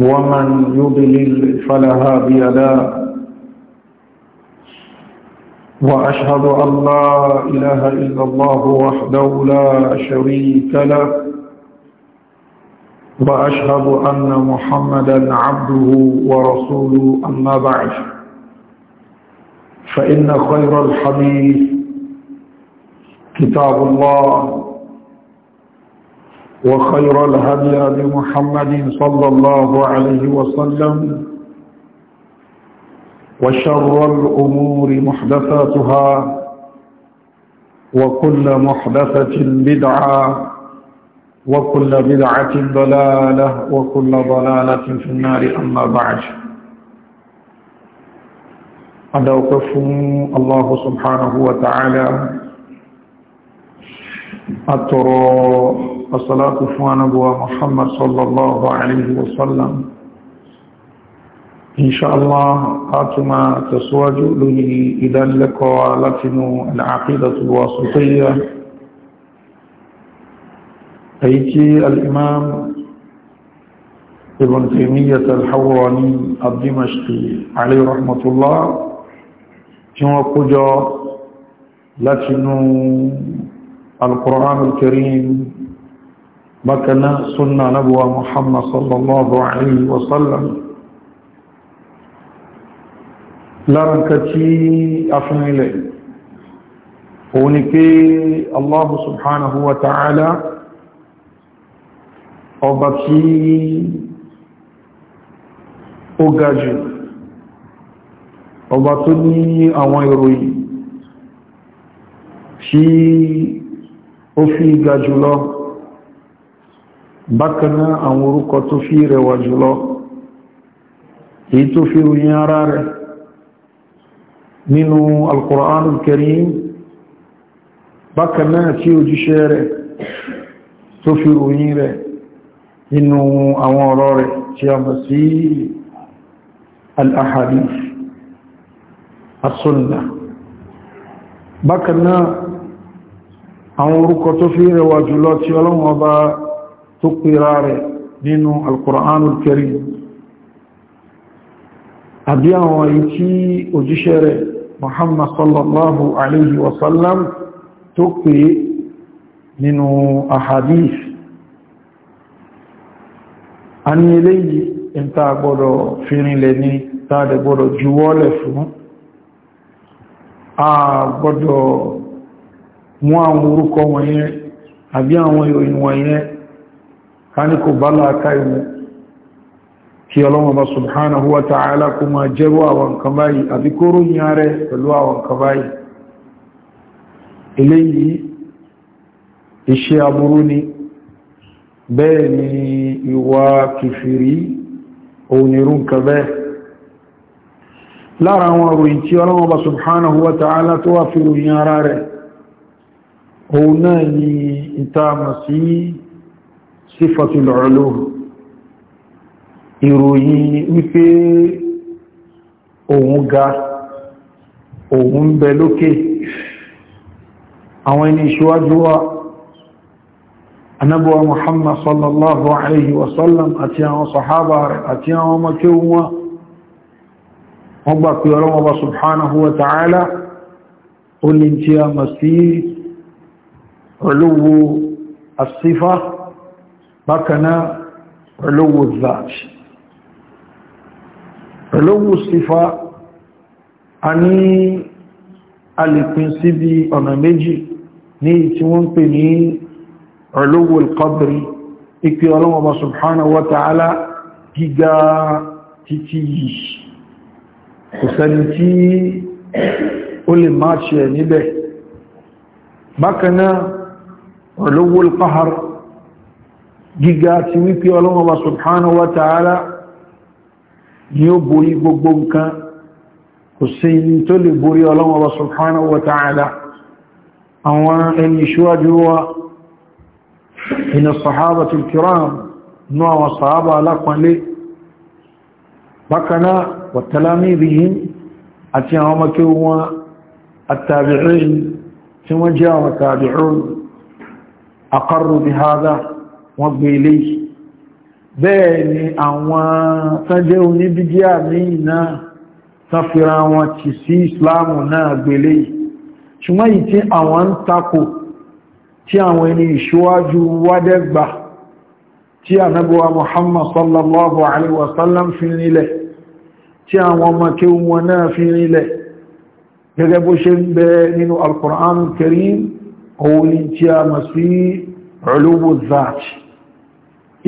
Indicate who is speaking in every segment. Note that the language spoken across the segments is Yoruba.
Speaker 1: ومن يضلل فلا هادي له وأشهد أن لا إله إلا الله وحده لا شريك له وأشهد أن محمدا عبده ورسوله أما بعد فإن خير الحديث كتاب الله وخير الهدي هدي محمد صلى الله عليه وسلم وشر الأمور محدثاتها وكل محدثة بدعة وكل بدعة ضلالة وكل ضلالة في النار أما بعد أدوقف الله سبحانه وتعالى أترى والصلاة فوان أبوى محمد صلى الله عليه وسلم إن شاء الله آتما تسواج لي إذا لك ولكن العقيدة الواسطية أيتي الإمام ابن تيمية الحوراني الدمشقي عليه رحمة الله كما قجر لكن القرآن الكريم بكنا سنة نبوة محمد صلى الله عليه وسلم لركتي أفن إليه ونكي الله سبحانه وتعالى أبتي أجاجي أبتني أوائري في أفي جاجلو bákaná àwọn orúkọ tó fi rẹwà jùlọ èyí tó fi ròyìn ara rẹ̀ nínú alkùránù kẹrin bákaná tí òjíṣẹ́ rẹ̀ tó fi ròyìn rẹ̀ nínú àwọn ọ̀rọ̀ rẹ̀ tí a mọ̀ sí al-ahadith bákaná àwọn orúkọ tó fi rẹwà jùlọ tí ọlọ́wọ́ bá tó pèrà rẹ̀ nínú alkùránul karim àbí àwọn èyí tí òjíṣẹ́ rẹ̀ muhammad sallallahu alayhi wasallam tó pè nínú ahadith a ní eléyìí in ta gbọ́dọ̀ fìrinlẹ̀ ní tàbí gbọ́dọ̀ juwọ́lẹ̀ fún a gbọ́dọ̀ mú àwọn orúkọ wọ̀nyẹn àbí àwọn ìròyìn wọ̀nyẹn káníkò bá láàká ìmú kí ọlọ́mọba subhanahu wa ta'ala kó máa jẹ́rọ àwọn nǹkan báyìí àbí kó ròyìn ààrẹ pẹ̀lú àwọn nǹkan báyìí eléyìí iṣẹ́ aburú ni bẹ́ẹ̀ ni ìwà kìfìrí onírú nǹkan bẹ́ẹ̀ lára àwọn ròyìn tí ọlọ́mọba subhanahu wa ta'ala tó wà fi ròyìn ara òun náà ni ìta sífọ́tí lọ́rọ̀lọ́ ìròyìn wípé òun ga òun bẹ lókè àwọn ẹni ìṣíwájú wa anábọ̀wà Muhammad sallallahu alaihi wasallam àti àwọn sahaba rẹ̀ àti àwọn ọmọkéwú wọn wọ́n gbà pé ọlọ́wọ́ bá subhanahu wa ta'ala ó ní tí a mọ̀ sí olówó bákanáà olówó zaaj olówó sífà a ní alìpín sí bí ọ̀nà méjì ní tí wọ́n pè ní olówó alqadri ipi ọlọ́wọ́ subhanahu wa ta'ala gíga títí yìí kò sẹ́ni tí ó lè máa ṣe níbẹ̀ bákanáà olówó alqahar gíga ti wípé ọlọ́run wa subhanahu wa ta'ala ni ó borí gbogbo nǹkan kò sí ní tó lè borí ọlọ́run wa subhanahu wa ta'ala àwọn ẹni ṣíwájú wa iná sahabatul kiram ní àwọn sahaba alápọ̀lé bákaná wa talamidihim àti àwọn makẹ́ wọn àtàbìrín tí wọ́n jẹ́ àwọn aqarru bi hadha wọ́n gbé eléyìí bẹ́ẹ̀ ni àwọn tánjẹ́ oníbídíà míì náà tán fira wọn ti sí ìsìláàmù náà gbé eléyìí ṣùgbọ́n yìí tí àwọn ń takò tí àwọn ẹni ìṣíwájú wádẹ́gbà tí ànábọ̀wà Muhammad sallallahu alaihi wasallam fi nílẹ̀ tí àwọn ọmọ wọn náà fi nílẹ̀ gẹ́gẹ́ bó ṣe ń bẹ nínú al-Qur'an òun ni tí a mọ̀ sí ulubuz-zat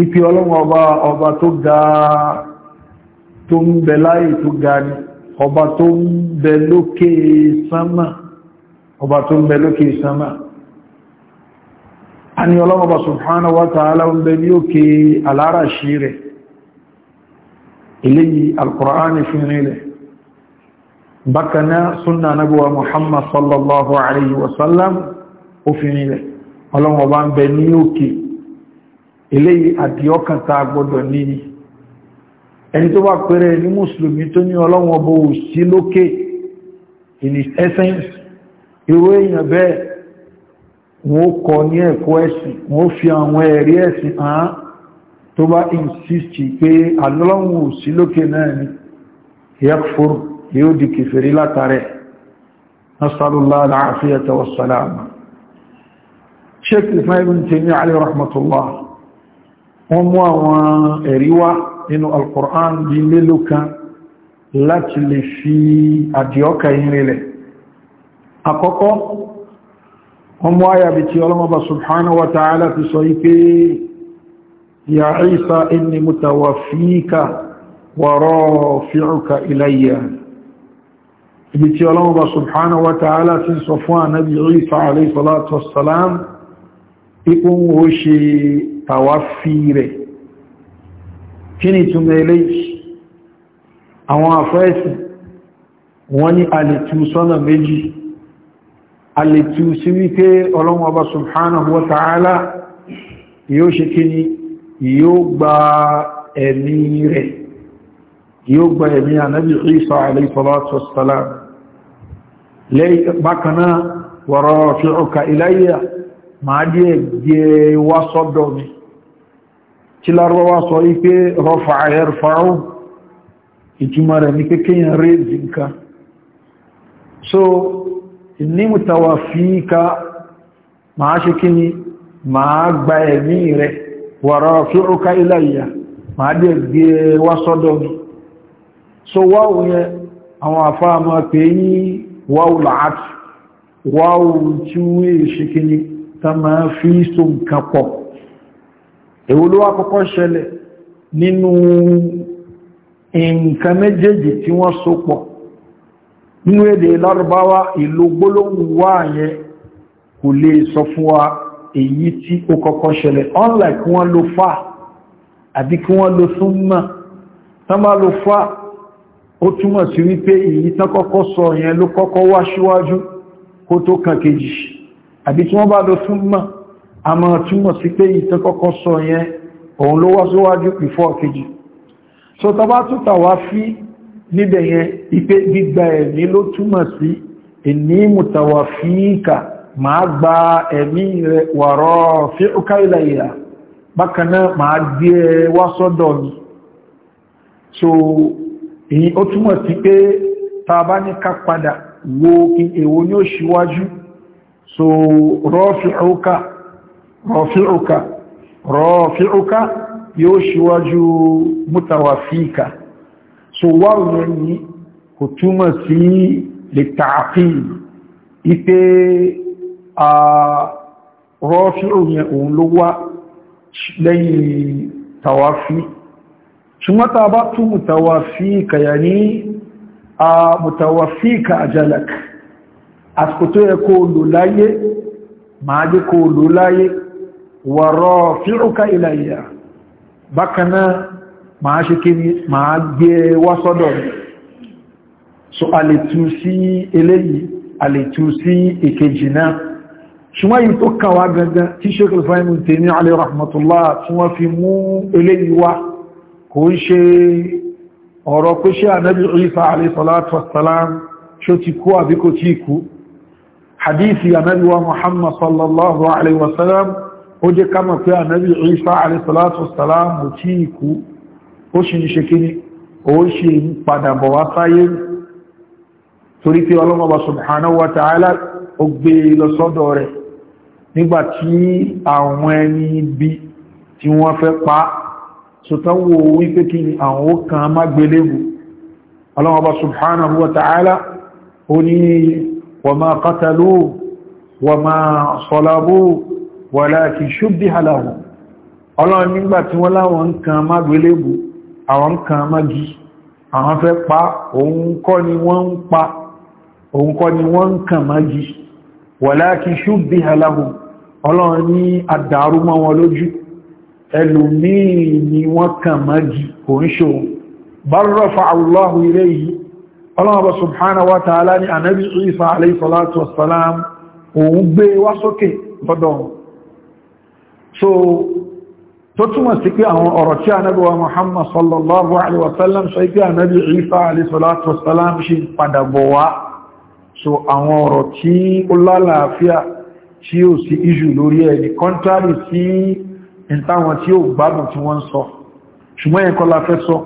Speaker 1: ìpí ọlọ́run ọba ọba tó ga tó ń bẹ láyé tó ga ní ọba tó ń bẹ lókè sánmà ọba tó ń bẹ lókè sánmà a ni ọlọ́run ọba subhanahu wa ta'ala ń bẹ ní òkè aláràṣí rẹ̀ iléyìí alkùránì fi rinlẹ̀ bákaná súnà nábúwa muhammad sallallahu alaihi wasallam ó fi rinlẹ̀ ọlọ́run ọba ń bẹ ní òkè eléyìí àdíọ́kàn tá gbọ́dọ̀ ní ẹni tó wà pẹ̀rẹ ní mùsùlùmí tó ní ọlọ́wọ́n bó sí lókè in his essence irú èèyàn bẹ́ẹ̀ wọ́n kọ ní ẹ̀kọ́ ẹ̀sìn wọ́n fi àwọn ẹ̀rí ẹ̀sìn hàn tó bá insist pé alọ́wọ́n ò sí lókè náà ni yakfur yóò di kèfèrí látàrẹ sheikh ibn Taymiyyah alayhi rahmatullah wọ́n mú àwọn ẹ̀rí wá nínú alkùrán bí mélòó kan láti lè fi àdíọ́kà ìrìnlẹ̀ àkọ́kọ́ wọ́n mú àyàbí tí ọlọ́mọba subhanahu wa ta'ala ti sọ ipé ya Isa inni mutawaffika wa rafi'uka ilayya ibi tí ọlọ́mọba subhanahu wa ta'ala ti sọ fún ànábì Isa tàwáfí rẹ̀ kí ni túnmọ̀ eléyìí àwọn àfẹ́ẹ̀sì wọ́n ní alìtú sọ́nà méjì alìtú sí wípé ọlọ́run ọba subhanahu wa ta'ala yóò ṣe kí ni yóò gba ẹ̀mí rẹ̀ yóò gba ẹ̀mí ànábì Isa alayhi salatu tí lárọwá sọ wípé rọfà ayẹrfàáwò ìtumọ̀ rẹ̀ ní kékèyàn rẹ̀ zinka so ní mùtàwà fííká máa ṣe kí ni máa gba ẹ̀mí rẹ̀ wàrà fíòrùká iláyà máa dẹ̀ gbé e wá sọ́dọ̀ mi so wáwù yẹn àwọn àfáà máa pè ní wáwù làátì wáwù tí wọ́n èṣe kí ni ta máa fi so nǹkan pọ̀ èwo ló wá kọ́kọ́ ṣẹlẹ̀ nínú nǹkan méjèèjì tí wọ́n so pọ̀ nínú èdè lárúbáwá ìlò gbólóhùn wá yẹn kò lè sọ fún wa èyí tí ó kọ́kọ́ ṣẹlẹ̀ unlike wọ́n lo fa àbí kí wọ́n lo súnmọ̀ tán bá lo fa ó túmọ̀ sí wípé èyí tán kọ́kọ́ sọ yẹn ló kọ́kọ́ wá síwájú kó tó kan kejì àbí tí wọ́n bá lo súnmọ̀ a máa túmọ̀ sí pé ìtẹ́kọ́kọ́ sọ yẹn òun ló wá ìfọ́ kejì so tàbá tútà wá fí níbẹ̀ yẹn ipé gbígba ẹ̀mí ló túmọ̀ sí ìní mùtàwà fíìkà máa gba ẹ̀mí rẹ̀ wàrọ̀ fí ọkàílà ìyà bákanáà máa gbé wá sọ́dọ̀ so èyí ó túmọ̀ sí pé tàbá ní ká padà so rọ́ fi rọ̀fíùka rọ̀fíùka yóò ṣíwájú mútawàfíìka so wáwọ̀ ní kò túmọ̀ sí lè tààfí ipé a rọ́fíù yẹn òun ló wá lẹ́yìn tàwàfí ṣùgbọ́n ta bá tún mútawàfíìka yà ní a mútawàfíìka ajalak àsìkò tó yẹ kó lò láyé máa jẹ́ kó lò láyé wa rafi'uka ilayya bákan náà máa ṣe kí ni máa gbé e wá sọ́dọ̀ mi so a lè tú sí eléyìí a lè tú sí èkejì náà ṣùgbọ́n yìí tó kàn wá gangan tí Sheikh Al-Fahim Taymi alayhi rahmatullah tí wọ́n fi mú eléyìí wá kò wa Muhammad sallallahu alayhi wasallam ó jẹ́ ká mọ̀ pé ànábì Ìsá alẹ́sọ́látọ̀sọ́lám mú tí ikú ó ṣe ń ṣe kíní ó ṣe ń padà bọ̀ wá sáyé torí pé ọlọ́mọba subhanahu wa ta'ala ó gbé e lọ sọ́dọ̀ rẹ̀ nígbàtí àwọn ẹni bí tí wọ́n fẹ́ walakin shubbiha lahu ọlọ́run nígbà tí wọ́n láwọn nǹkan mágbélébù àwọn nǹkan mági àwọn fẹ́ pa òun kọ́ ni wọ́n ń pa òun kọ́ ni wọ́n ń kàn mági walakin shubbiha lahu ọlọ́run ní àdàrúmọ́ wọn lójú ẹlòmíì ni wọ́n kàn mági kò ń ṣòun bal rafa'ahu Allahu ilayhi ọlọ́wọ́ subhanahu wa ta'ala ni ànábì Isa òun gbé wá sókè lọ́dọ̀ wọn so tó túnmọ̀ sí pé àwọn ọ̀rọ̀ tí ànábì wa Muhammad sallallahu alaihi wasallam sọ pé ànábì Isa alaihi salatu wasallam ṣe padà bọ̀ wá so àwọn ọ̀rọ̀ tí ó lálàáfíà tí ó sí iṣu lórí ẹni contrary sí ìtàwọn tí ó gbádùn tí wọ́n sọ ṣùgbọ́n ẹ̀kọ́ fẹ́ sọ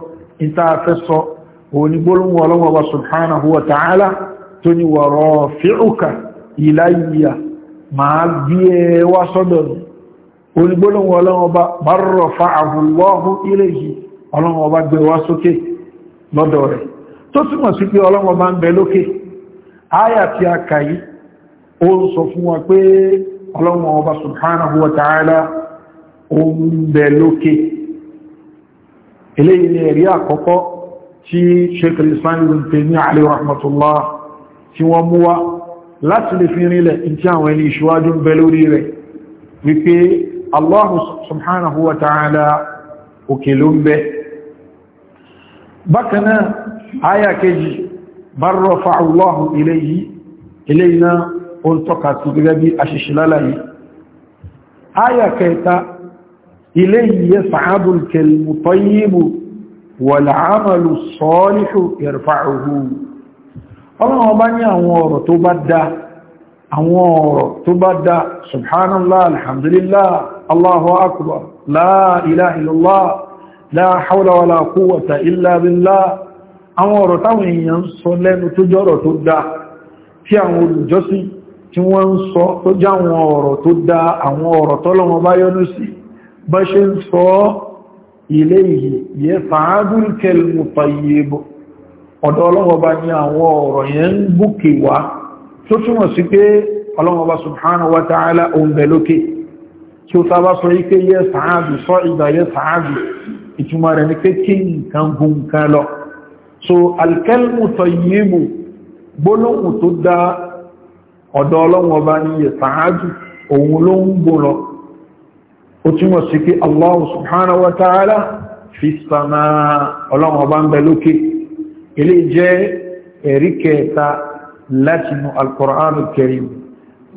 Speaker 1: olùgbólóhùn ọlọ́run ọba bárọ̀ fa'ahùlọ́hùn iléyìí ọlọ́run ọba gbé wá sókè lọ́dọ̀ rẹ̀ tó túnmọ̀ sí pé ọlọ́run ọba ń bẹ lókè áyà tí a kà yí ó ń sọ fún wa pé ọlọ́run ọba subhanahu wa ta'ala ó ń bẹ lókè eléyìí wípé Allah subhanahu wa ta'ala òkè ló ń bẹ bákanáà ayà kejì bá rọ̀fà Allah ilayhi ilayna ó ń tọ́ka sí gẹ́gẹ́ bí aṣíṣẹ́ lálàyé ayà kẹta ilayhi yas'adu al-kalimu tayyibu wal-'amalu salihu yarfa'uhu ọlọ́run ọba ní àwọn ọ̀rọ̀ tó bá dá àwọn ọ̀rọ̀ tó bá dá subhanallah alhamdulillah الله أكبر لا إله إلا الله لا حول ولا قوة إلا بالله أمر ọ̀rọ̀ táwọn èèyàn sọ lẹ́nu tó jọ́rọ̀ tó dá tí àwọn olùjọ́sí tí wọ́n ń sọ tó já àwọn ọ̀rọ̀ tó dá àwọn ọ̀rọ̀ tọ́lọ́wọ́n bá yọ́nú sí bá ṣe ń sọ ilé yìí yẹ fàágùnkẹl mùfàyèbò ọ̀dọ̀ ọlọ́wọ́ba ní àwọn ọ̀rọ̀ yẹn ń búkè wá tó túnmọ̀ sí pé ọlọ́wọ́ba subhanahu wa ta'ala tí ó sábá sọ ike yẹ sàádù sọ ìgbà yẹ sàádù ìtumọ̀ rẹ̀ ní pé kí nǹkan gùn kan lọ so alkalmu tayyibu gbólóhùn tó dá ọ̀dọ̀ ọlọ́run ọba ní yẹ sàádù òun ló ń gbò lọ ó túnmọ̀ sí pé Allah subhanahu wa ta'ala fi sàmà ọlọ́run ń bẹ lókè ilé jẹ́ ẹ̀rí kẹta látinú al-Qur'an al-Karim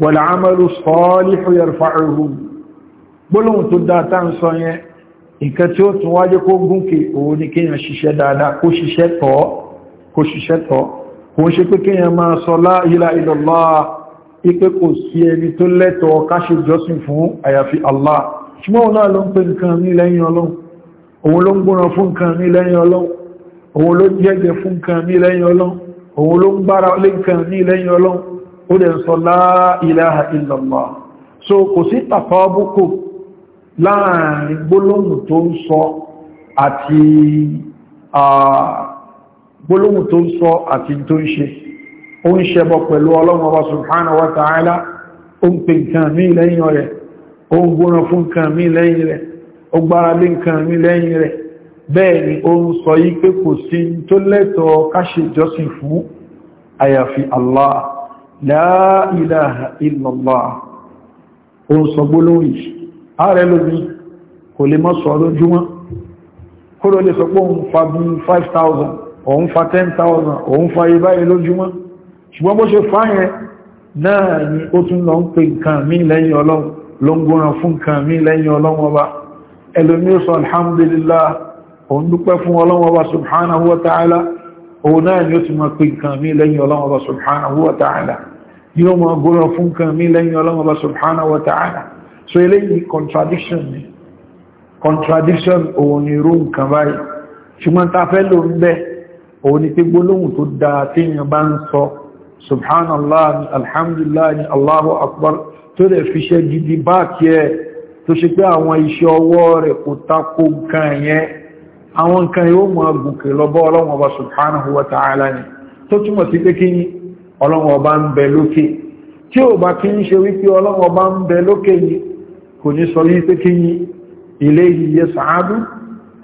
Speaker 1: wal amalu salihu yarfa'uhu gbólóhùn tó dáadáa ń sọ yẹn nǹkan tí ó tún wáyé kó gúnkè òun ni kíyàn ṣiṣẹ́ dáadáa kó ṣiṣẹ́ tọ́ kó ṣiṣẹ́ tọ́ kò ń ṣe pé kíyàn máa sọ la ilaha illallah ipé kò sí ẹni tó lẹ́tọ̀ọ́ ká ṣe jọ́sìn Allah ṣùgbọ́n náà ló òun ló ń gbára lé ní lẹ́yìn ọlọ́run ó dẹ̀ ń sọ la ilaha illallah so kò sí tàfà ọbúkò láàrin gbólóhùn tó ń sọ àti gbólóhùn tó ń sọ àti tó ń ṣe ó ń ṣẹbọ pẹ̀lú ọlọ́run ọba subhanahu wa ta'ala ó ń pè nǹkan mí lẹ́yìn rẹ̀ ó ń gbóná fún nǹkan mí lẹ́yìn rẹ̀ ó gbára lé nǹkan mí lẹ́yìn rẹ̀ bẹ́ẹ̀ ni ó ń sọ yí pé kò sí tó lẹ́tọ̀ọ́ káṣe jọ́sìn fún àyàfi Allah la ilaha ó ń sọ gbólóhùn yìí ààrẹ lóbi kò lè mọ́ sọ lójúmọ́ kó ló lè sọ pé òun fa bí 5,000 òun fa 10,000 òun fa ibáyé lójúmọ́ ṣùgbọ́n bó ṣe fáyẹn náà ni ó tún lọ ń pè nǹkan mí lẹ́yìn ọlọ́run ló ń gbọ́ràn fún nǹkan mí lẹ́yìn ọlọ́run ọba ẹlòmí ó sọ alhamdulillah òun dúpẹ́ fún ọlọ́run ọba subhanahu wa ta'ala òun náà ni ó ti so eléyìí contradiction ni contradiction òun ni irú nǹkan báyìí ṣùgbọ́n ta fẹ́ ló ń bẹ́ òun ni pé gbólóhùn tó dáa tí èèyàn bá ń sọ subhanallah ni alhamdulillah ni allahu akbar tó rẹ̀ fi ṣe gidi báàkì ẹ̀ tó ṣe pé àwọn iṣẹ́ ọwọ́ rẹ̀ kò tako nǹkan yẹn àwọn nǹkan yóò mọ̀ كوني صليتكي إليه يسعد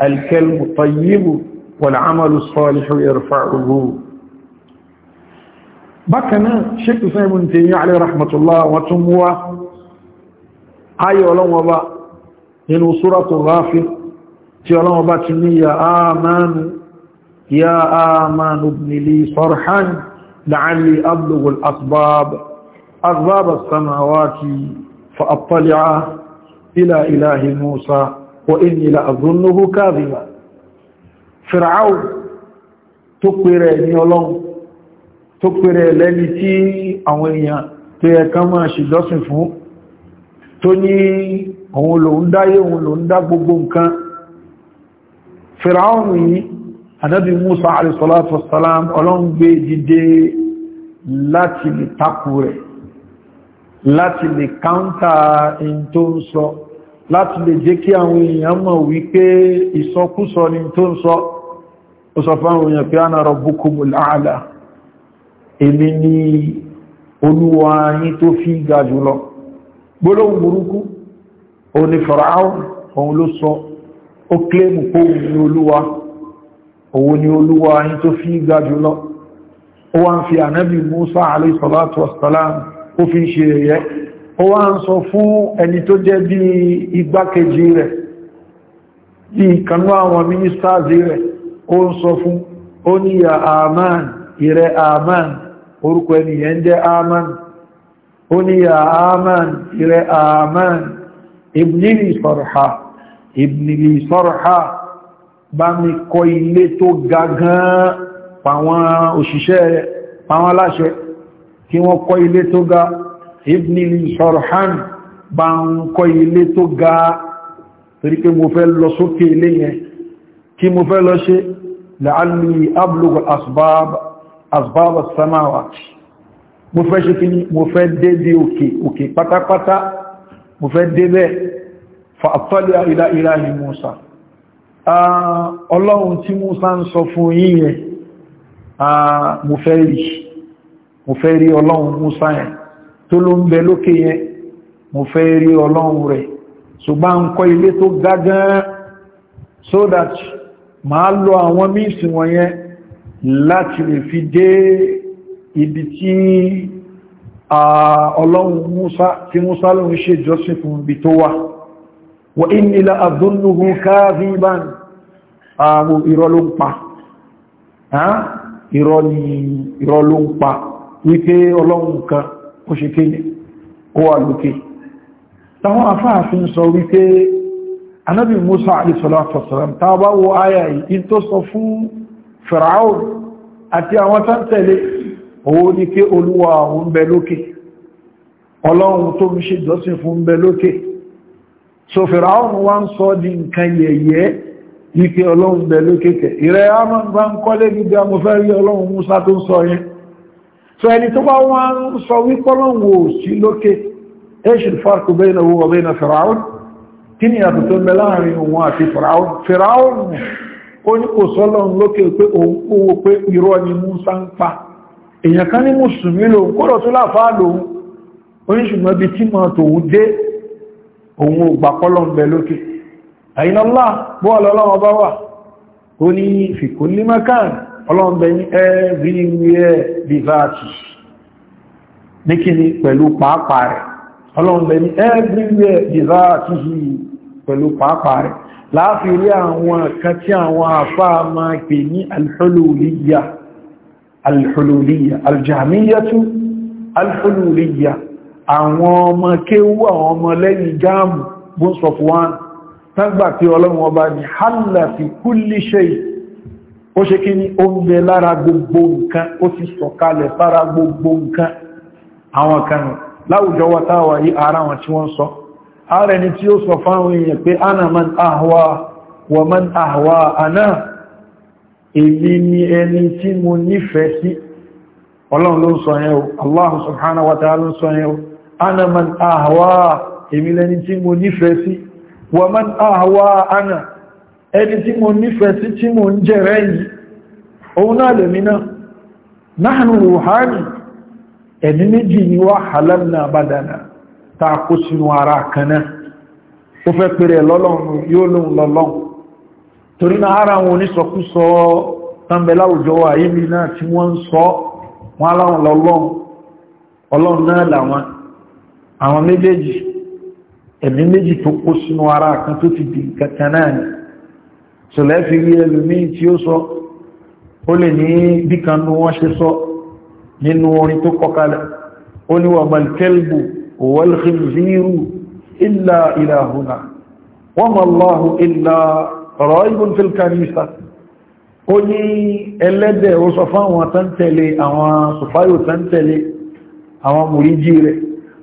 Speaker 1: الكلم الطيب والعمل الصالح يرفعه بكنا شيخ سيد بن تيمية عليه رحمة الله وتموى أي ولو وبا إن سورة الغافر تي ولو وبا يا آمان يا آمان ابن لي صرحا لعلي أبلغ الأسباب أغباب السماوات فأطلع إلى إله موسى وإني لأظنه كاذبا فرعون تقرأ نيولون تقرأ لنتي أوليا تيكما شدوس فهو tó ní òun ló ń dáyé òun ló ń dá gbogbo nǹkan fìràún yìí anábi musa alìsọ́láàtù salam ọlọ́ngbé dìde láti lè takù rẹ̀ láti lè káńtà in ń sọ láti lè jẹ́ kí àwọn èèyàn mọ̀ wípé ìsọkúsọ ni tó ń sọ ó sọ fún àwọn èèyàn pé ana rabbukumul a'la èmi ni olúwa yín tó fi ga jùlọ gbólóhùn burúkú òun ni Fáráò òun ló sọ ó kílèmù ó wá ń sọ fún ẹni tó jẹ́ bí igbákejì rẹ̀ bí ìkanú àwọn ministers rẹ̀ ó ń sọ fún ó ya aman ìrẹ aman orúkọ ẹniyàn jẹ́ aman ó ní ya aman ìrẹ aman ibnili sọ̀rọ̀ha ibnili sọ̀rọ̀ha bá mi kọ ilé tó ga pàwọn òṣìṣẹ́ pàwọn aláṣẹ kí wọ́n kọ́ ilé tó ga ibnili sharhan bá ń kọ́ ilé tó ga torí pé mo fẹ́ lọ sókè ilé yẹn kí mo fẹ́ lọ ṣe la'alli ablugha asbab asbab as-samawat mo fẹ́ ṣe kí mo fẹ́ dé bí òkè òkè pátápátá mo fẹ́ dé bẹ́ẹ̀ fa attali'a ila ilahi Musa ọlọ́run tí Musa ń sọ fún yíyẹn mo fẹ́ rí ọlọ́run Musa yẹn tó ló ń bẹ lókè yẹn mo fẹ́ rí ọlọ́run rẹ̀ ṣùgbọ́n ń kọ́ ilé tó ga gan-an so that máa lọ àwọn míìsì wọ̀nyẹn láti lè fi dé ibi tí ọlọ́run tí Musa ló ṣe jọ́sìn fún ibi tó wà wa inni la adunnuhu kadhiban àwọn irọ́ ló ń pa irọ́ ló ń pa wípé ọlọ́run kan ó ṣe kéde ó wà lókè táwọn afáàfin sọ wípé anábì musa alìsọ́lọ́tọ̀sọ́lọ́m tá bá wo àyà yìí tó sọ fún fìràún àti àwọn tán tẹ̀lé òun ní olúwa òun bẹ lókè ọlọ́run tó ń ṣe jọ́sìn fún bẹ lókè so fìràún wá ń sọ di nǹkan yẹ̀yẹ́ ní pé ọlọ́run bẹ lókè kẹ̀ ìrẹ́ àmọ́ so ẹni tó bá wọ́n ń sọ wípọ́ lọ́wọ́ sí lókè ẹṣù farku bẹ́ẹ̀nà owó ọ̀bẹ́nà fìràún kí ni àtútọ́ mẹ́ láàrin òun àti fìràún fìràún ó ní kò sọ lọ́n lókè pé òun kówó pé irọ́ ni Musa ń pa èèyàn kan ní mùsùlùmí lòun kọ́rọ̀ tó láfáà lòun oníṣùgbọ́n bí tí mọ́ tòun dé òun ò gbà pọ́lọ̀ ń bẹ lókè àyínlọ́lá bọ́ọ̀lọ́lọ́wọ́ bá wà ó ní fi ọlọ́ọ̀bẹ̀ ní everywhere bivati ní kí ni pẹ̀lú pàápàá rẹ̀ ọlọ́ọ̀bẹ̀ ní everywhere bivati pẹ̀lú pàápàá rẹ̀ láàfin ilé àwọn kan tí àwọn àfá máa pè ní alhululiyya alhululiyya aljamiyyatu alhululiyya àwọn ọmọ kéwú àwọn ọmọ lẹ́yìn gáàmù bún sọfúwán tágbà ọlọ́run ọba ni hálà fi kulli shay ó ṣe kí ní oúnjẹ lára gbogbo nǹkan ó ti sọ̀kalẹ̀ lára gbogbo nǹkan àwọn kanu láwùjọ wa táwà yí ara wọn tí wọ́n sọ ààrẹ ni tí ó sọ fáwọn èèyàn pé ana man ahwa wa man ahwa ana èmi ni ẹni tí mo nífẹ̀ẹ́ sí ọlọ́run ló ń sọ yẹn o Allah subhanahu wa ta'ala ló ń sọ yẹn o ana man ahwa èmi lẹni tí mo nífẹ̀ẹ́ sí wa man ahwa ana ẹni tí mo nífẹ̀ẹ́ sí tí mo ń jẹ́rẹ́ yìí òun náà lèmi náà nahnu ruhani ẹni méjì ni wá halalna ta kó sínú ara kanáà ó fẹ́ pèrè lọ́lọ́run yóò lóun lọ́lọ́run ara àwọn méjèèjì ẹ̀mí méjì tó kó sínú ara kan tó ti di kankan náà ṣọlẹ́ fi rí ẹlòmíì tí ó sọ ó lè ní bí kan ní wọ́n ṣe sọ nínú orin tó kọkalẹ̀ ó ní wà malkelbu walkhinziru illa ilahuna wọ́n mallahu illa raibun fil kanisa ó ní ẹlẹ́dẹ̀ ó sọ fáwọn tántẹ̀lé àwọn sọfáyò tántẹ̀lé àwọn mùríjí rẹ̀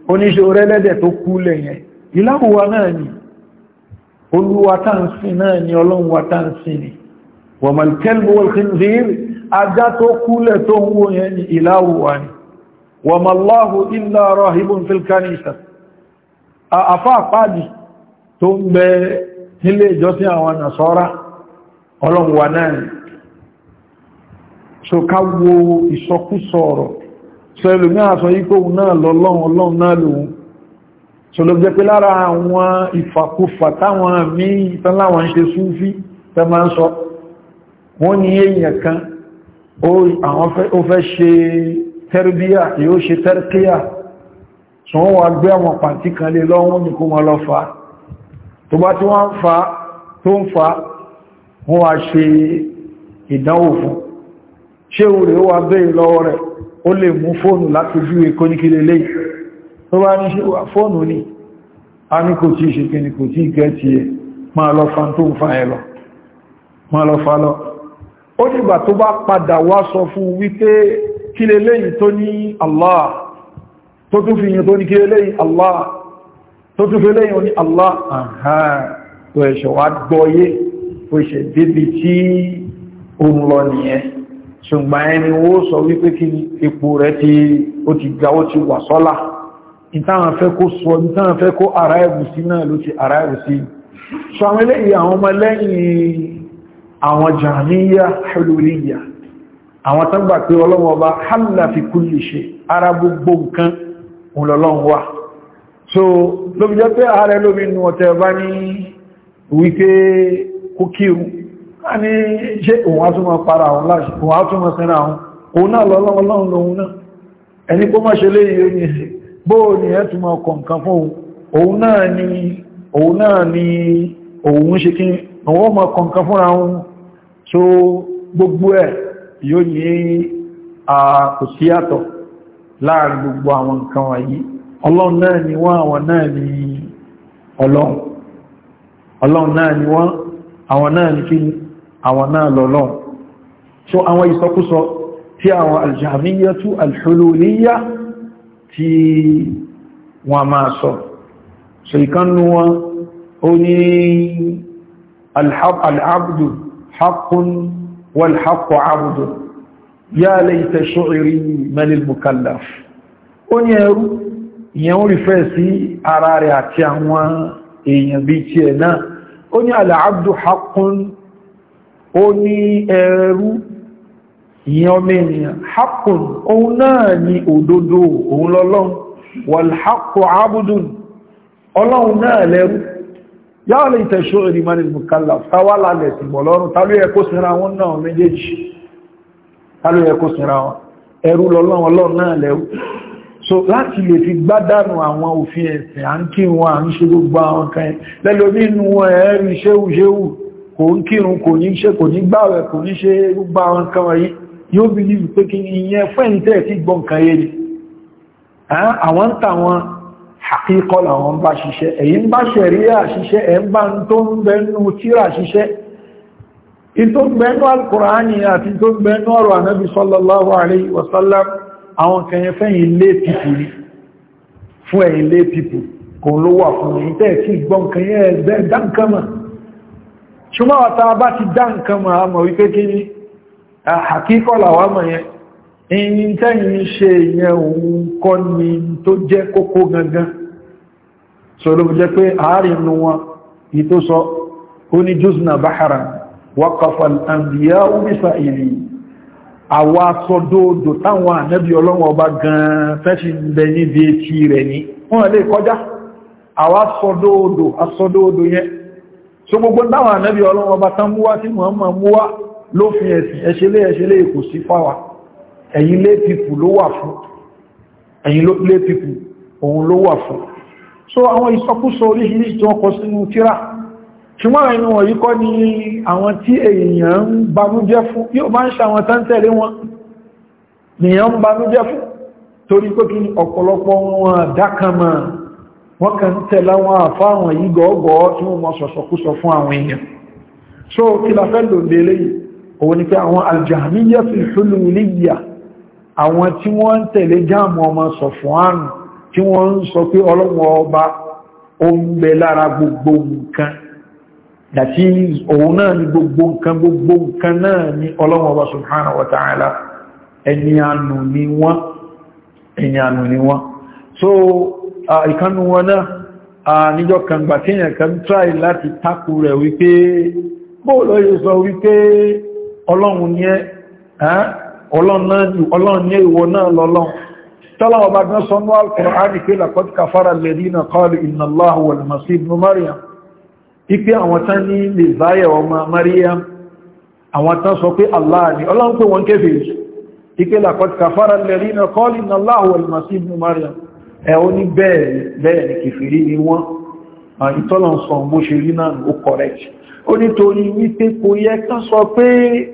Speaker 1: ó ní ṣe orẹ́lẹ́dẹ̀ tó kú lẹ́yìn ìlàhùwa náà ni olúwa táǹsìn náà ni ọlọ́run wa táǹsìn ni wàmàlkẹ́lbù wàlkínzír ajá tó kúlẹ̀ tó ń wó yẹn ni ìláwò wa ni wàmàláhù illa rahibun filkanisa àfá àpáàdì tó ń bẹ nílé ìjọsìn àwọn nàṣọ́rá ọlọ́run wa náà ni so so ló jẹ́ pé lára àwọn ìfàkúfà táwọn mí ìtàn láwọn ṣe súnfí tẹ́ máa ń sọ wọ́n ní èèyàn kan ó fẹ́ ṣe tẹ́rbíyà yóò ṣe tẹ́rkíyà so wọ́n wà gbé àwọn pàtí kan lè lọ́wọ́n ní kó wọ́n lọ fa tó bá tí wọ́n fa tó ń fa wọ́n wá ṣe ìdánwò fún ṣé òun rẹ̀ wà bẹ́ẹ̀ lọ́wọ́ rẹ̀ ó lè mú fóònù láti ojú èkó ní kí tó bá ní fóònù ní a ní kò tí ṣe kìí kò tí gẹ́ẹ̀tì ẹ máa lọ fa tó ń fa ẹ lọ máa lọ fa lọ ó dìgbà tó bá padà wá sọ fún wípé kí Allah tó tún fi Allah tó tún fi Allah àhán tó ẹ̀ṣẹ̀ wá gbọ́yé ó ṣe débi tí ó ń lọ nìyẹn ṣùgbọ́n ẹni ó sọ wípé kí epo rẹ̀ ti ó ti ga ó ti wà sọ́lá ìtàwọn fẹ́ kó sọ ìtàwọn fẹ́ kó ara ẹ̀bù sí náà ló ti ara ẹ̀bù sí so àwọn eléyìí àwọn ọmọ lẹ́yìn àwọn jàmíyà hululiyya àwọn tán gbà pé Ọlọ́hun Ọba halla fi kulli shay ara gbogbo nǹkan Ọlọ́hun so lóbi jẹ́ pé ààrẹ lóbi nù ọ̀tẹ̀ bá ní wípé kó kírun a ní ṣe òun á túnmọ̀ para ẹni kó má ṣe léyìí ó ní ẹ̀sìn bóò ni ẹ túnmọ̀ ọkọ̀ nǹkan fún òun náà ni òun náà ni òun ṣe kí àwọn ọmọ ọkọ̀ nǹkan fúnra wọn tó gbogbo ẹ̀ yóò ní kò sí yàtọ̀ láàrin gbogbo àwọn nǹkan wáyé ọlọ́run náà ni wọ́n àwọn náà ni kí àwọn náà lọ́lọ́run so àwọn ìsọkúsọ tí àwọn aljamiyyatu alhululiyya tí wọ́n máa sọ so ìkannú wọn ó ní al'abdu haqqun wal haqqu abdu ya layta shu'ri man al mukallaf ó ní ẹrú ìyẹn ó rí fẹ́ sí ara rẹ̀ àti àwọn èèyàn bí tí ẹ̀ náà ó ní al'abdu haqqun ó ní ẹrú ìyẹn ọmọ ènìyàn haqqun òun náà ni òdodo òun lọ́lọ́un wàlhaqqu abudun ọlọ́run náà lẹ́rú yáà lè tẹ̀ṣọ́ ìrìnmọ̀lẹ̀ mùkálà tàwálà lẹ̀ ti bọ̀ lọ́rùn tàbí ẹkó sinra wọn náà méjèèjì so láti lè fi gbádànù àwọn òfin ẹ̀sìn à ń kí wọn à ń ṣe gbogbo àwọn kan lẹ́lómi inú wọn ẹ̀rí ṣéwù ṣéwù kò ń kírun kò ní ṣe kò ní gbàwẹ̀ kò ní ṣe gbogbo àwọn kan wọ̀nyí yóò bí ní pé kí ìyẹn fẹ́ni tẹ́ ti gbọ́n kan yé ni àwọn tàwọn àkíkọ́ làwọn ń bá ṣiṣẹ́ èyí ń bá ṣẹ̀ríà ṣiṣẹ́ ẹ̀ ń bá ń tó ń bẹnu tíra ṣiṣẹ́ ìtò gbẹ̀nú alkùnrání àti tó gbẹ̀nú ọ̀rọ̀ ànábì sallallahu alayhi wa sallam àwọn kẹyẹ fẹ́yìn lé pìpù ṣùgbọ́n wata bá ti dánkama àmọ̀ wípé kí ní àkíkọ́ làwà mọ̀ yẹn in tẹ́yìn ṣe yẹn òun kọ́ ni tó jẹ́ kókó gangan so ló jẹ́ pé àárínú wọn ìtó sọ ó ní jùsùnà báhara wọ́n lè kọjá àwọ yẹn so gbogbo táwọn ànẹ́bí ọlọ́wọ́ tán múwá tí ló fi ẹ̀sìn ẹṣẹ́lé ẹṣẹ́lé kò sí fáwà ẹ̀yin lé pípù ló wà fún ẹ̀yin lé pípù òun ló wà fún so àwọn ìsọkúsọ oríṣìíríṣìí tí wọ́n kọ sínú tíra ṣùgbọ́n ẹni wọ̀nyí kọ́ ni àwọn tí èèyàn ń banújẹ́ fún yóò bá ń ṣàwọn tán tẹ̀lé wọn nìyàn ń banújẹ́ fún torí pé kí ọ̀pọ̀lọpọ̀ wọn dákàmà wọ́n kàn ń tẹ̀lé àwọn àfáwọn yìí gọ́ọ̀gọ́ tí wọ́n mọ̀ sọ̀sọ̀kúsọ fún àwọn èèyàn so kí la fẹ́ lò lélẹ́yìí òun ni pé àwọn aljahmiya fi hululiyya àwọn tí wọ́n ń tẹ̀lé jáàmù ọmọ sọ̀fọ́ánù tí wọ́n ń sọ pé ọlọ́wọ́ ọba ó lára gbogbo nǹkan dàtí òun náà ni gbogbo nǹkan gbogbo nǹkan náà ni ọlọ́wọ́ ọba subhanahu wa ta'ala ẹni ànù ni wọ́n so ìkanu wọn náà níjọ́ kan gbà kíyàn kan tráì láti takú rẹ̀ wípé bóòlọ́ yóò sọ wípé ọlọ́run ní ẹ́ ọlọ́run ní ìwọ náà lọ́lọ́run tọ́lá ọba gan sọ́nú al-Qur'ani pé laqad kafara alladhina qalu inna Allaha wal Masih ibn Maryam ipé àwọn tán ní Maryam àwọn tán Allah ni ọlọ́run pé wọ́n kéfèé ipé laqad kafara alladhina qalu inna Allaha Maryam ẹ̀ ó ní bẹ́ẹ̀ ni kèfèrí ni wọ́n ìtọ́lọ̀ sọ bó ṣe rí náà ó correct wípé kò yẹ ká sọ pé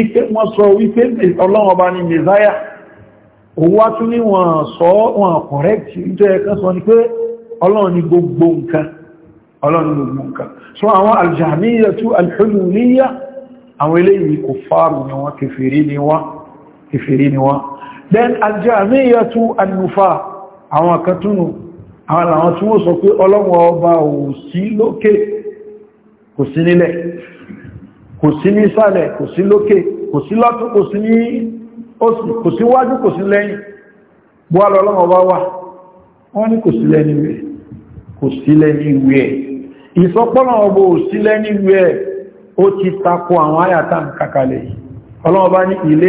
Speaker 1: ipé wọ́n sọ wípé ọlọ́run ọba ni mẹ́sáyà òun wá tún ní wọ́n sọ wọn kọ̀rẹ́kì tó yẹ kán sọ ni pé ọlọ́run ni gbogbo nǹkan ọlọ́run ni gbogbo nǹkan so àwọn aljamiya tó alhululiyya àwọn eléyìí kò fàárù ni wọ́n kèfèrí ni wọ́n then aljamiya tó annufa àwọn akatunu àwọn àwọn tí wọ́n sọ pé ọlọ́run ọba ò sí lókè kò sí nílẹ̀ kò sí ní sàlẹ̀ kò sí lókè kò sí lọ́tún kò sí ní òsì kò sí wájú kò sí lẹ́yìn bó wá lọ́lọ́mọ bá wà wọ́n kò sí lẹ́ni wẹ́ kò sí lẹ́ni wẹ́ ìsọpọ́nà ọgbọ̀ ò sí lẹ́ni wẹ́ ó ti takò àwọn àyàtà kàkàlẹ̀ ọlọ́mọ bá ní ilé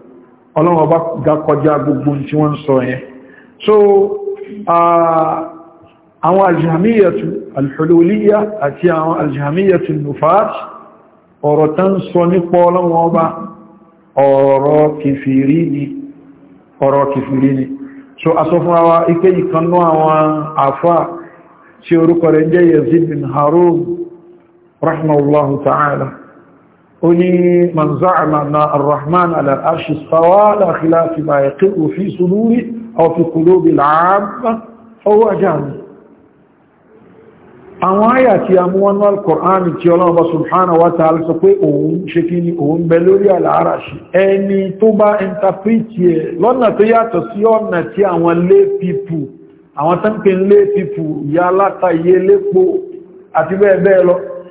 Speaker 1: ọlọ́wọ́ bá ga kọjá gbogbo tí wọ́n sọ yẹn so àwọn aljihamiyyatu alhululiyya àti àwọn aljihamiyyatu nufat ọ̀rọ̀ tán sọ nípa ọlọ́wọ́ bá ọ̀rọ̀ kìfìrí ni so a sọ fún àwa ike ìkanú àwọn àfá tí orúkọ rẹ̀ jẹ́ yazid bin harun rahimahullahu ta'ala oni man za'ama na arrahman ala arshi sawa la khilafi ma yaqiru fi suduri aw fi qulubi al'amma huwa jahannam àwọn aya tí amu wanu alquran tí Ọlọ́run ba subhanahu wa ta'ala sọ pé ohun ṣe kíni ohun bẹ lórí al'arashi ẹni tó bá interpret ẹ̀ lọ́nà tó yàtọ̀ sí ọ̀nà tí àwọn lay people àwọn tan pè lay people ya lata àti bẹ́ẹ̀ bẹ́ẹ̀ lọ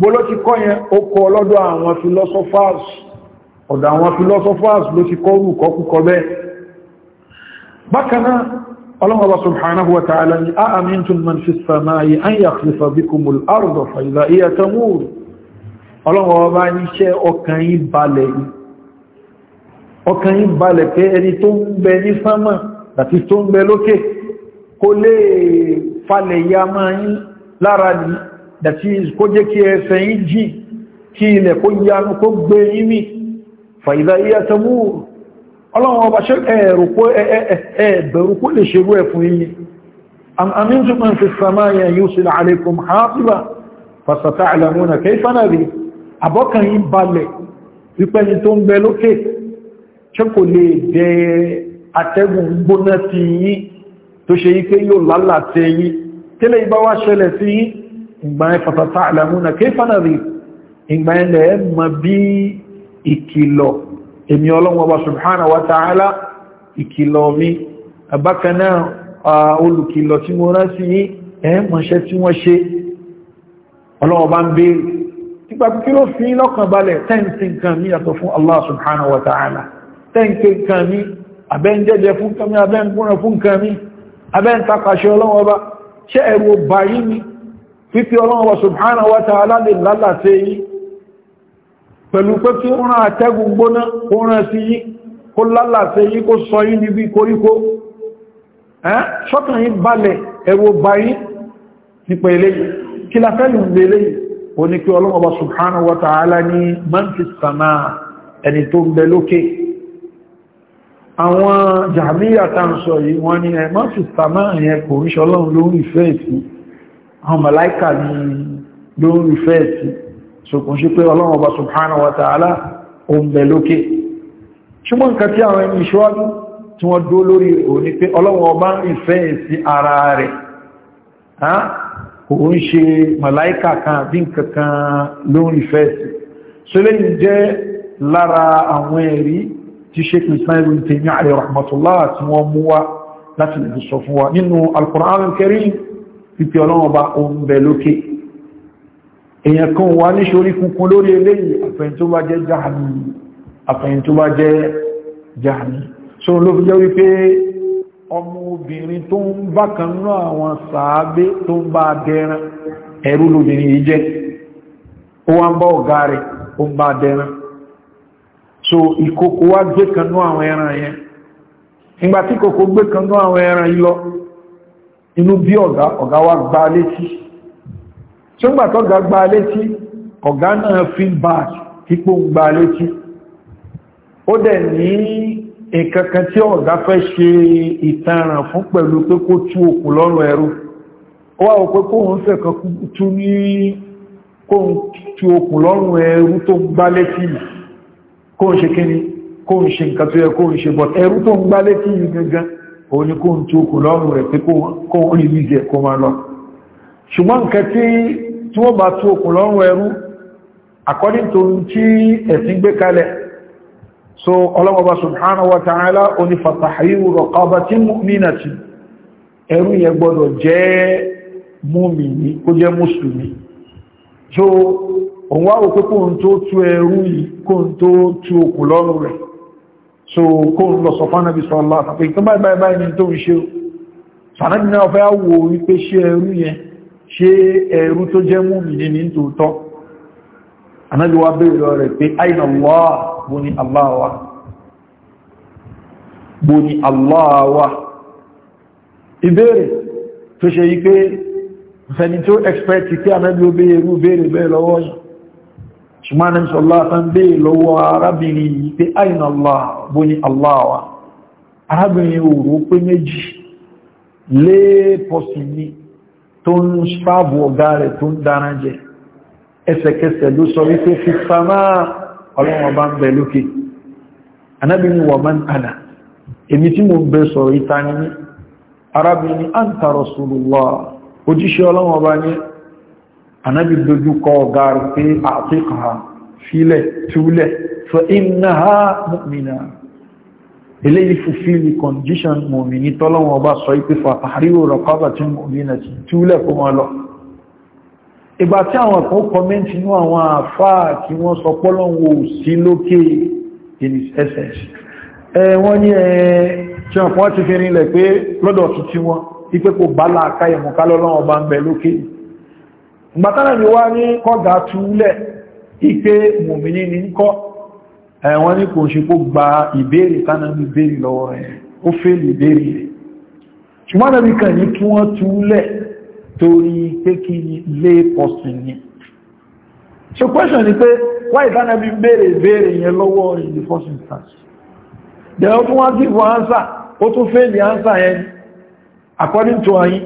Speaker 1: bóló ti kọ́ yẹn ó kọ́ lọ́dọ̀ àwọn philosophers ọ̀dọ̀ àwọn philosophers ló ti kọ́ rúkọ́ kúkọ bẹ́ẹ̀ bákanáà ọlọ́mọba subhanahu wa ta'ala ni a amintun man fi samaayi an yakhlifa bikumul arda fa idha hiya tamur ọlọ́mọba ní iṣẹ́ ọkàn yí balẹ̀ yìí ọkàn ní that is kó jẹ́ kí ẹsẹ̀ yí jì kí ilẹ̀ kó yanu kó gbé yími fàìdá iye tẹ́mú ọlọ́run ọba ṣe ẹ̀ẹ̀bẹ̀rù kó lè ṣerú ẹ̀ fún yí amíntu man fi samaya yusil alaikum hafiba fasata alamuna kaifana rí abọ́kan yí balẹ̀ wípẹ́ni tó ń ṣẹlẹ̀ sí yí ìgbàyẹn fàtàtà àlàmúnà kéfànàrí ìgbàyẹn lẹ̀ ma bí ìkìlọ̀ èmi ọlọ́wọ́ bá subhanahu wa ta'ala ìkìlọ̀ mi àbákaná olùkìlọ̀ tí mo rán sí ẹ̀mọ̀ṣẹ́ tí wọ́n ṣe ọlọ́wọ́ bá ń béèrè nípa kí ló fi lọ́kàn balẹ̀ tẹ́ǹtì nǹkan mi yàtọ̀ fún Allah subhanahu wa ta'ala tẹ́ǹtì nǹkan mi abẹ́ǹjẹ́jẹ́ fún ọlọ́wọ́ bá ṣẹ́ ẹ̀rù ọba yìí fífi ọlọ́run wa subhanahu wa ta'ala lè lálàtẹ́ yìí pẹ̀lú pé kí ó rán àtẹ́gùn gbóná kó rán sí yí kó lálàtẹ́ yí kó sọ yí níbi koríko ṣọ́kàn yí balẹ̀ ẹ̀rọ báyí nípa eléyìí kí la fẹ́ lùn lè léyìí ó ní kí ọlọ́run wa subhanahu wa ta'ala ní man fi ẹni tó ń bẹ lókè àwọn jàmíyà tá ń sọ yìí wọ́n ní ẹ̀ man fi yẹn kò ríṣọ́lọ́run ló ń ìfẹ́ ìfún àwọn màláíkà ní ló ń rí fẹ́ sí ṣokùn sí pé ọlọ́run ọba subhanahu wa ta'ala o ń bẹ lókè ṣùgbọ́n nǹkan tí àwọn ẹni ìṣọ́dún tí wọ́n dó lórí òní pé ọlọ́run ọba ń rí fẹ́ sí ara rẹ̀ òun ṣe màláíkà kan bí nǹkankan ló ń rí fẹ́ pípẹ́ ọlọ́wọ́n bá o ń bẹ lókè èèyàn kan wà ní ṣorí kunkun lórí eléyìí àfẹ́yìn tó bá jẹ́ jahani àfẹ́yìn tó bá jẹ́ jahani so ló fi jẹ́ wípé ọmọ obìnrin tó ń bá kan náà àwọn sàábé tó ń bá dẹran ẹrú lóbìnrin yìí jẹ́ ó wá ń bá ọ̀gá rẹ̀ ó ń bá dẹran so ìkòkò wá gbé kan àwọn ẹran yẹn ìgbà tí kòkò gbé kan àwọn ẹran yìí lọ inú bí ọ̀gá ọ̀gá wa gbá létí tí ó ń gbà tó ga gbá létí ọ̀gá náà fi bad ipò ń gbá létí ó dẹ̀ ní ìkankan tí ọ̀gá fẹ́ ṣe ìtanràn fún pẹ̀lú pé kó tú okùn lọ́rùn ẹrú ó wá òpé kó ń fẹ́ kan tú ní kó ń tú okùn lọ́rùn ẹrú tó gbá létí kó ń ṣe kíni kó ń ṣe nǹkan tó yẹ kó ń ṣe bọ̀t ẹrú tó ń gbá létí gangan òní kó ń tó kò lọ́rùn rẹ̀ pé kó ń rí ìlíjẹ̀ kó máa lọ ṣùgbọ́n nǹkan tí tí wọ́n bá tó kò lọ́rùn ẹrú according to tí ẹ̀sìn gbé kalẹ̀ so ọlọ́mọba subhanahu wa ta'ala so so kó ń lọ sọ fún anábi sọ ọlá àtàkì tó báyìí báyìí báyìí ní tó ń ṣe sànájì náà fẹ́ wò wípé ṣe ẹrú yẹn ṣe ẹrú tó jẹ́ mú mi ní tòótọ́ anábi wá bèèrè lọ rẹ̀ pé aina Allah bó ni Allah ṣùgbọ́n ní ṣọ́lá tán bè lọ́wọ́ arábìnrin yìí pé àìnà Allah bó ní Allah wa arábìnrin òòrùn pé méjì lé pọ̀sì ní tó ń ṣáàbù ọ̀gá rẹ̀ tó ń dára jẹ ẹsẹ̀kẹsẹ̀ ló sọ wípé fi sámá ọlọ́wọ́ anábì dojúkọ ọ̀gá rẹ̀ pé àtíkà sílẹ̀ túlẹ̀ fa innaha mu'mina eléyìí fulfill the condition mọ̀mìnì tọ́lọ́wọ́ ọba sọ ipé fa tahriru raqabatin mu'minatin túlẹ̀ kó mọ́ lọ ìgbà tí àwọn kan kọmẹ́ntì ní àwọn àfáà tí wọ́n sọ pọ́lọ́wọ́ sí lókè in his essence wọ́n ní tí wọ́n ti fi gbàtánà ni wá ní kọ́gà túlẹ̀ ipé mòmìnì ní kọ́ ẹ̀wọ́n ní kò ṣe kó gba ìbéèrè tánà ní béèrè lọ́wọ́ rẹ̀ ó fèèrè ìbéèrè rẹ̀ ṣùgbọ́n ní kàn ní kí wọ́n túlẹ̀ torí pé kí ní lé pọ̀sìn ni so question ni pé why tánà bí béèrè ìbéèrè yẹn in the first instance then ó tún give answer ó tún answer yẹn according to ayin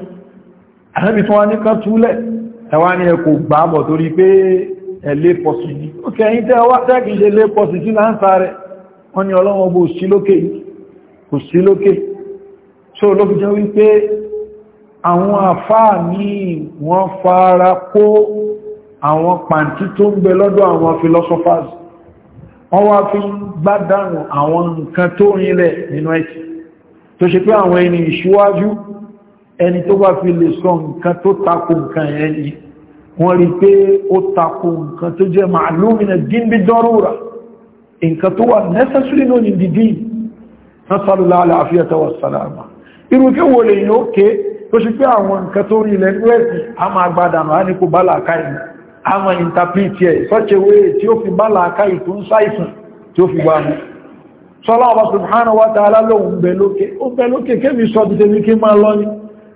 Speaker 1: àrẹ́bì tún wá ní kan túlẹ̀ ẹwà ní ẹkù gbàmọ̀ torí pé ẹ̀lẹ́ pọ̀sìtì ókè ẹ̀yìn tẹ́ ọwá tẹ́kì ṣe lé pọ̀sìtì náà ń sáré wọ́n ni ọlọ́wọ́ bó sí lókè kò sí lókè so ló fi jẹ́ wípé àwọn àfáà ní wọ́n fara kó àwọn pàǹtí tó ń bẹ lọ́dọ̀ àwọn philosophers wọ́n wá fi gbádànù àwọn nǹkan tó rinlẹ̀ nínú ẹ̀sìn tó ṣe pé àwọn ẹni ìṣíwájú ẹni tó bá fi lè sọ nǹkan tó takò nǹkan yẹn wọ́n rí pé ó takò nǹkan tó jẹ́ màálùmínà dínbí dọ́rùrà nǹkan tó wà necessary náà ní dídí nasalula aláfíàtà wa salama irú kí wo lè ó ké tó ṣe pé àwọn máa gbádà a fi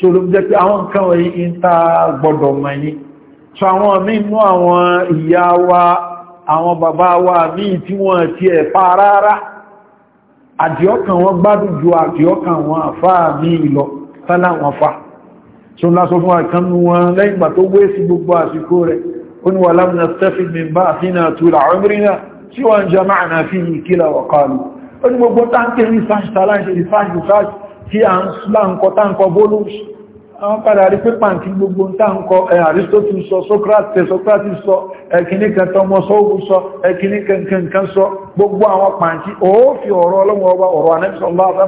Speaker 1: so ló jẹ́ pé àwọn nǹkan wọ̀nyí ń ta gbọ́dọ̀ mọ̀ ní so àwọn mínú àwọn ìyá wa àwọn bàbá wa míì tí wọ́n ti ẹ̀fà rárá àdíọ́kàn wọn gbádùn ju àdíọ́kàn wọn àfá míì lọ sáláwọn fa so lásọ fún àkánú wọn lẹ́yìn gbà tó wé sí gbogbo àsìkò rẹ̀ ó ní wà lámìnà stephen tí a ń láǹkọ táǹkọ volumes àwọn padà rí pé pàǹtí gbogbo táǹkọ sọ Socrates sọ ẹkìníkan tọmọ sọ́wọ́ sọ sọ gbogbo àwọn pàǹtí ó fi ọ̀rọ̀ ọlọ́wọ́ ọba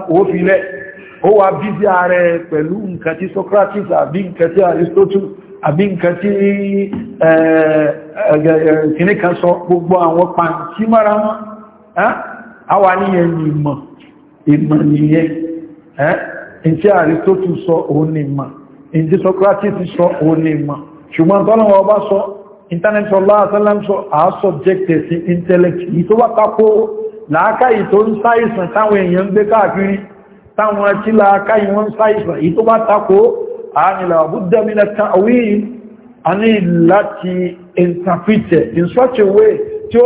Speaker 1: ọ̀rọ̀ pẹ̀lú Socrates in tí aristotle sọ òun ni in socrates sọ òun ni ma ṣùgbọ́n ọba sọ internet sọlá àtàlám sọ àásọ̀jẹ́kẹ̀ sí intellect yìí tó wá tako làákàyè tó ń sáìsàn táwọn èèyàn ń gbé káàkiri táwọn tí làákàyè wọ́n sáìsàn yìí tó bá tako àánilà àbúdẹ́mìnà tàwíì a ní láti a way tí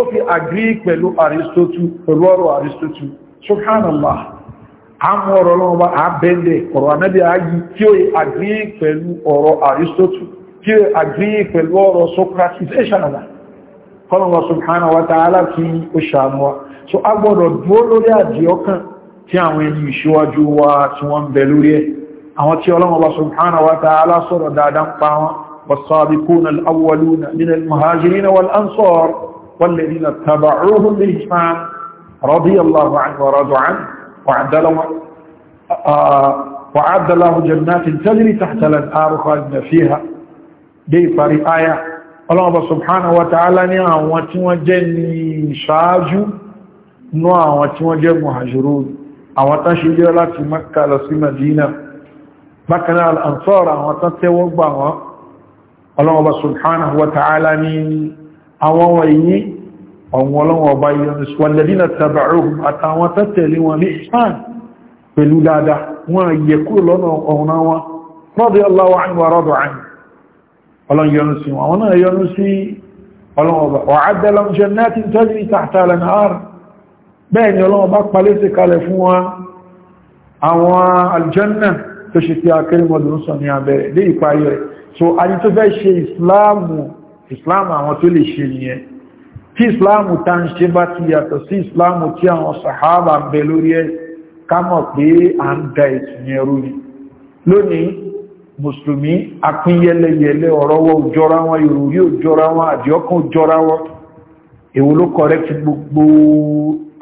Speaker 1: àwọn ọ̀rọ̀ ọlọ́run bá àbẹ́lẹ̀ ọ̀rọ̀ anábì ayí tí ó agree pẹ̀lú ọ̀rọ̀ Aristotle tí ó agree pẹ̀lú ọ̀rọ̀ Socrates ẹ̀ṣàlá kọlọ̀wọ̀ so a gbọ́dọ̀ dúó lórí àdíọ́kàn tí àwọn ẹni ìṣíwájú wa tí wọ́n ń bẹ lórí ẹ̀ الأولون من المهاجرين والأنصار والذين اتبعوهم بالإحسان رضي الله عنه ورضوا عنه وعد له جنات تجري تحت الانهار خالدين فيها دي فري آية الله سبحانه وتعالى ni àwọn tí wọ́n jẹ́ ní ṣáájú nú àwọn tí wọ́n jẹ́ muhajirun àwọn tán ṣe jẹ́ láti Makka lọ sí Madina bákan al-ansar àwọn tán tẹ́wọ́ gbà wọ́n Allah subhanahu wa ta'ala ni àwọn wọ̀nyí ọ̀wọ̀n ọlọ́wọ̀n ọba yọnus wàlẹ̀dínà tàbàrùn àtàwọn tẹ́tẹ̀lé wọn ní ìsàn pẹ̀lú dáadáa wọn yẹ kúrò lọ́nà ọ̀nà wọn rọ́dí aláwọ̀ àìwà rọ́dọ̀ àìwà ọlọ́n yọnus sí wọn náà yọnus sí ọlọ́wọ̀n ọba ọ̀ádẹ́lọ́m jẹ́nẹ́tì tọ́jú ìtàtàlẹ̀ náà bẹ́ẹ̀ ni ọlọ́wọ̀n bá palẹ́ sí kalẹ̀ fún wọn àwọn aljanna tó ṣe ti akérèmọdún sọ ní abẹ́rẹ̀ lé ìparí rẹ̀ so a ní tó fẹ́ ṣe ìsìláàmù ìsìláàmù àwọn tó lè ṣe nìyẹn tí ìsìláàmù ta ń ṣe bá ti yàtọ̀ sí ìsìláàmù tí àwọn sàhábà ń bẹ lórí ẹ̀ kámọ̀ pé à ń da ìsìn ẹrú ni lónìí mùsùlùmí apínyẹlẹyẹlẹ ọ̀rọ̀ wọ òjọra wọn ìròrí òjọra wọn àdìọ́kàn òjọra wọn èwo ló kọ̀rẹ́kì gbogbo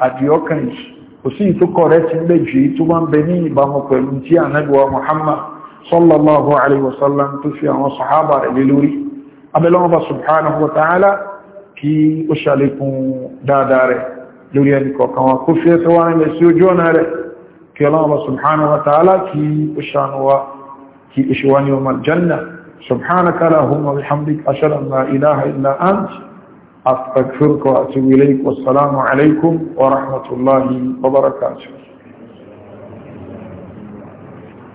Speaker 1: àdìọ́kàn yìí kò sí ìtò kọ̀rẹ́kì méjì tó máa ń bẹ ní ìbámu pẹ̀lú tí ànágbèwà Muhammad sallallahu alaihi wasallam tó fi àwọn sàhábà rẹ̀ lé lórí abẹ́lọ́wọ́ subhanahu wa ta'ala kí ó ṣàlékún dáadáa rẹ̀ lórí ẹni kọ̀ọ̀kan wa kó fi ẹsẹ̀ wá nílẹ̀ sí ojú ọ̀nà rẹ̀ kí ọlọ́wọ́ subhanahu wa ta'ala kí ó ṣàánú wa kí iṣu wa ní ọmọ aljanna subhanaka allahumma wa bihamdik ashhadu an la ilaha illa ant astaghfiruka wa atubu ilayk wassalamu alaykum wa rahmatullahi wa barakatuh